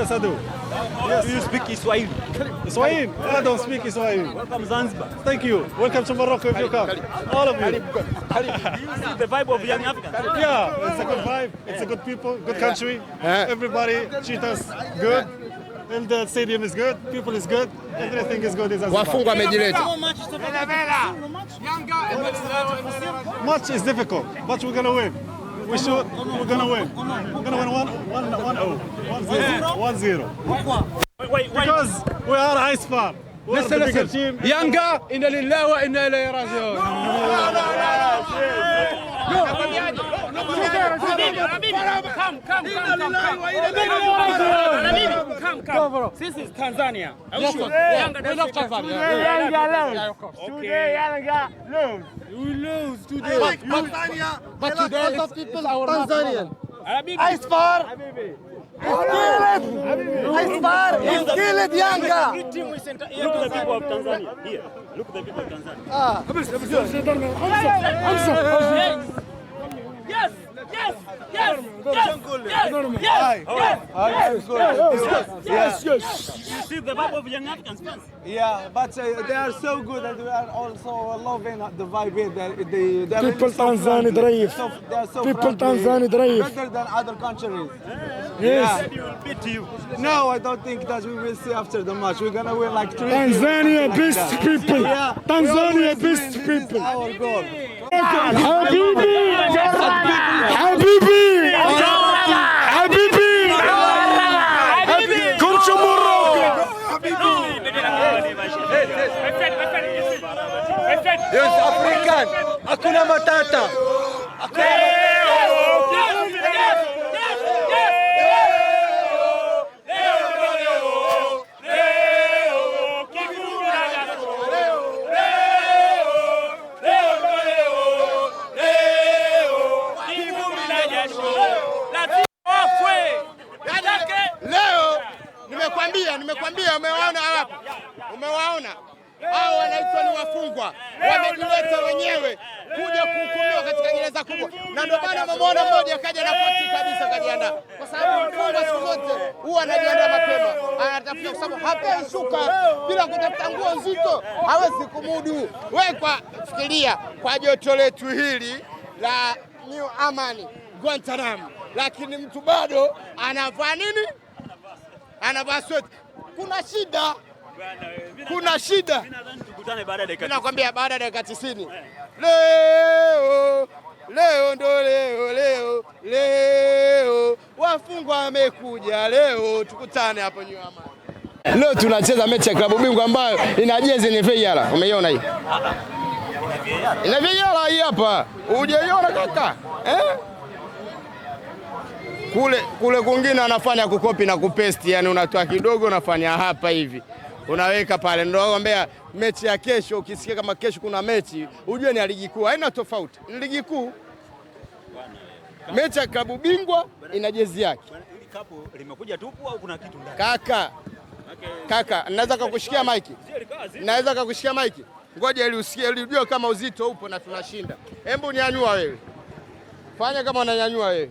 Yes, I do. Yes. Do you speak Swahili? Swahili? I don't speak Swahili. Welcome Zanzibar. Thank you. Welcome to Morocco if you come. All of you. Do you see the vibe of young Africans? Yeah, it's a good vibe. It's a good people, good country. Everybody treat us good. And the stadium is good, people is good, everything is good. Wafunga amejiletea. Much is difficult, but we're gonna win. We should. We're gonna win. We're gonna win one, one, one, oh. one, zero. one zero. Wait, wait, wait. Because we are ice farm. We are listen, the bigger listen. team. Yanga, inna lillahi wa inna ilayhi raji'un. No, no, no, no. no, no, no. Come, come, come, come. This is Tanzania. We Today, today, today, lose but Tanzania. It's killed! I far! It's killed Yanga! Look at the people of Tanzania. Here. Look at the people of Tanzania. Ah. Yes! Yes! economy. Yes, yes, yes, yes, You see the vibe of young Africans, yes. Yeah, but uh, they are so good and we are also loving the vibe here. They, they, they People really so Tanzania drive. So, they are so People Tanzania drive. Better than other countries. Yes. Yeah. You will beat you. No, I don't think that we will see after the match. We're gonna win like three. Tanzania best that. people. Yeah. Tanzania best people. This is our goal. Habibi! Habibi! Habibi! Yes, African. Hakuna matata. Nimekwambia, nimekwambia, umewaona hapa, umewaona hao wanaitwa ni wafungwa wamejileta wenyewe kuja kuhukumiwa katika gereza kubwa, na ndio maana mmeona mmoja akaja na koti kabisa, kajiandaa kwa sababu mfungwa siku zote huwa anajiandaa mapema, anatafuta kwa sababu hapei shuka bila kutafuta nguo nzito, hawezi kumudu. Wewe kwa fikiria, kwa joto letu hili la New Amani Guantanamo, lakini mtu bado anavaa nini? Anavaa sweta, kuna shida kuna shida. Nakwambia baada ya dakika 90. leo leo ndo leo leo leo, wafungwa wamekuja leo, tukutane hapo nyuma. Leo tunacheza mechi ya klabu bingwa ambayo ina jezi ni VAR. Umeiona hii? Ina VAR hii hapa. Hujaiona kaka? Eh? Kule kule kungine anafanya kukopi na kupesti, yani unatoa kidogo unafanya hapa hivi unaweka pale, ndio wagombea mechi ya kesho. Ukisikia kama kesho kuna mechi, ujue ni ya ligi kuu, haina tofauti, ni ligi kuu. Mechi ya klabu bingwa ina jezi yake. Kapu limekuja tupu au kuna kitu ndani? Kaka, kaka, naweza kukushikia maiki, naweza kukushikia maiki, ngoja ili usikie, ili ujue kama uzito upo na tunashinda. Hebu nyanyua wewe, fanya kama unanyanyua wewe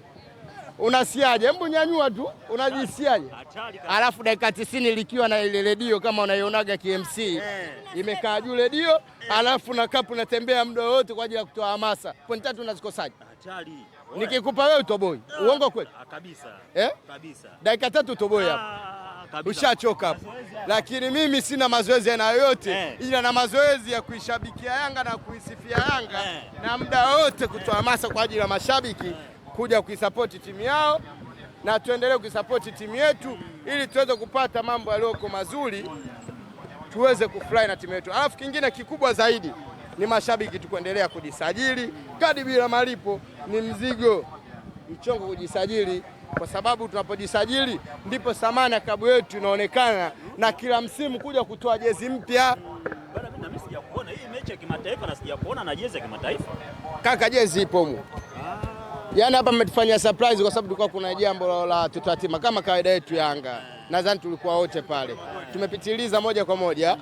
unasiaje? Hebu nyanyua tu, unajisiaje? Alafu dakika tisini likiwa na ile redio kama unaionaga KMC yeah. imekaa juu redio yeah. alafu na kapu natembea muda wote kwa ajili ya kutoa hamasa. Pointi tatu unazikosaje? Nikikupa wewe utoboi. Ah. Uongo kweli ah, kabisa, eh? Kabisa. dakika tatu utoboi ah, hapa ushachoka hapo, lakini mimi sina mazoezi aina yoyote eh, ila na mazoezi ya kuishabikia Yanga na kuisifia Yanga eh, na muda wote kutoa hamasa kwa ajili ya mashabiki eh kuja kuisapoti timu yao na tuendelee kuisapoti timu yetu ili tuweze kupata mambo yaliyoko mazuri, tuweze kufurahi na timu yetu. Alafu kingine kikubwa zaidi ni mashabiki, tukuendelea kujisajili. Kadi bila malipo ni mzigo, mchongo kujisajili, kwa sababu tunapojisajili ndipo thamani ya klabu yetu inaonekana, na kila msimu kuja kutoa jezi mpya. Bana, mimi sijakuona hii mechi ya kimataifa na sijakuona na jezi ya kimataifa. Kaka, jezi ipo mu Yaani hapa mmetufanyia surprise kwa sababu tulikuwa kuna jambo la tutatima kama kawaida yetu Yanga. Nadhani tulikuwa wote pale. Tumepitiliza moja kwa moja.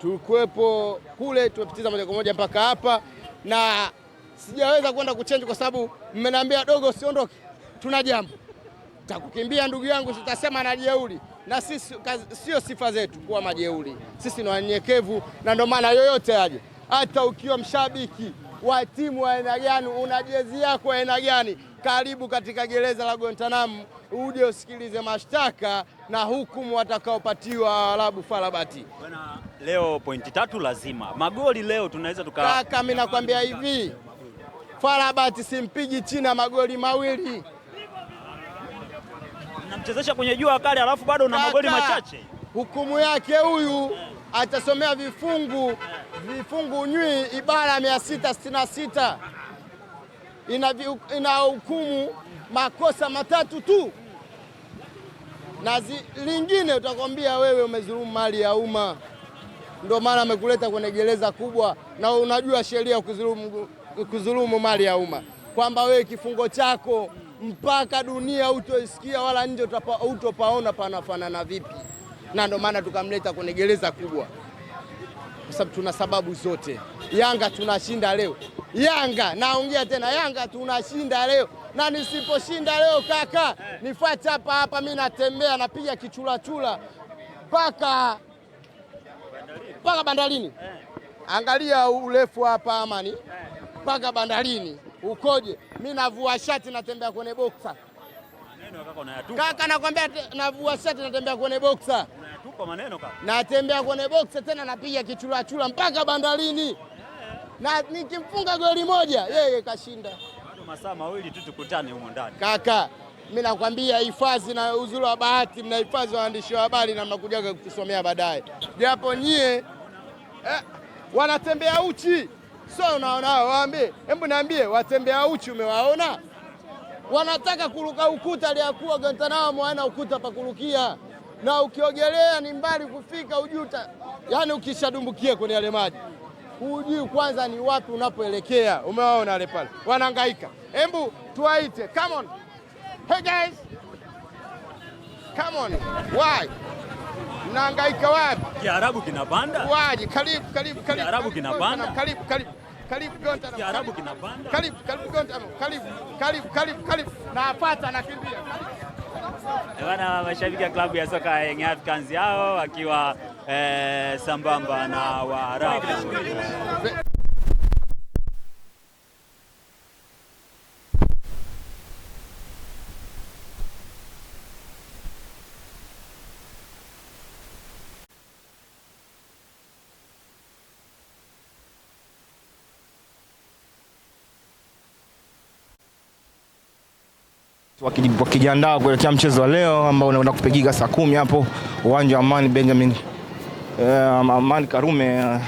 Tulikuwepo kule tumepitiliza moja kwa moja mpaka hapa na sijaweza kwenda kuchange kwa sababu mmeniambia dogo usiondoke. Tuna jambo. Takukimbia ndugu yangu sitasema na jeuri. Na sisi sio sifa zetu kuwa majeuri. Sisi ni wanyenyekevu na ndio maana yoyote aje. Hata ukiwa mshabiki wa timu wa aina gani, una jezi yako aina gani? Karibu katika gereza la Guantanamo uje usikilize mashtaka na hukumu watakaopatiwa Waarabu farabati. Bwana, leo pointi tatu lazima, magoli leo tunaweza tuka... Kaka, mimi nakwambia hivi, farabati simpigi China magoli mawili, namchezesha kwenye jua kali, alafu bado una magoli machache. Hukumu yake huyu atasomea vifungu vifungu nywi ibara mia sita sitini na sita inahukumu makosa matatu tu, na lingine utakwambia wewe umezulumu mali ya umma. Ndio maana amekuleta kwenye gereza kubwa, na unajua sheria kuzulumu mali ya umma kwamba wewe kifungo chako mpaka dunia utoisikia wala nje utopaona panafanana vipi, na ndio maana tukamleta kwenye gereza kubwa kwa sababu tuna sababu zote. Yanga tunashinda leo, Yanga naongea tena, Yanga tunashinda leo, na nisiposhinda leo kaka, nifuate hapa hapa, mi natembea napiga kichulachula mpaka mpaka bandarini. Angalia urefu hapa Amani, mpaka bandarini ukoje? Mi navua shati natembea kwenye boksa kaka, nakwambia navua shati natembea kwenye boksa. Tupa maneno kaka. Natembea kwenye boksi tena napiga kichula chula mpaka bandarini na nikimfunga goli moja yeye kashinda. Bado masaa mawili tu tukutane huko ndani kaka. mi nakwambia hifadhi na uzuri wa bahati, mnahifadhi waandishi wa habari na mnakujaga kutusomea baadaye, japo nyie eh, wanatembea uchi so unaona, waambie, hebu niambie, watembea uchi umewaona? Wanataka kuruka ukuta, aliyakuwa Guantanamo ana ukuta pa kurukia na ukiogelea ni mbali kufika, ujuta yani, ukishadumbukia kwenye yale maji hujui kwanza ni wapi unapoelekea. Umewaona wale pale wanahangaika. Hebu tuwaite, come on. Hey guys, come on. Why? Mnahangaika wapi? Kiarabu kinapanda. Waje, karibu karibu karibu. Kiarabu kinapanda. Karibu karibu. Karibu Gonta na Kiarabu kinapanda. Karibu karibu Gonta. Karibu karibu karibu karibu. Napata nakimbia. Karibu. Bana, mashabiki ya klabu ya soka yenye Young Africans yao wakiwa eh, sambamba na Waarabu. wakijiandaa kuelekea mchezo wa leo ambao unaenda kupigika saa kumi hapo uwanja wa Amani Benjamin, uh, Amani Karume uh,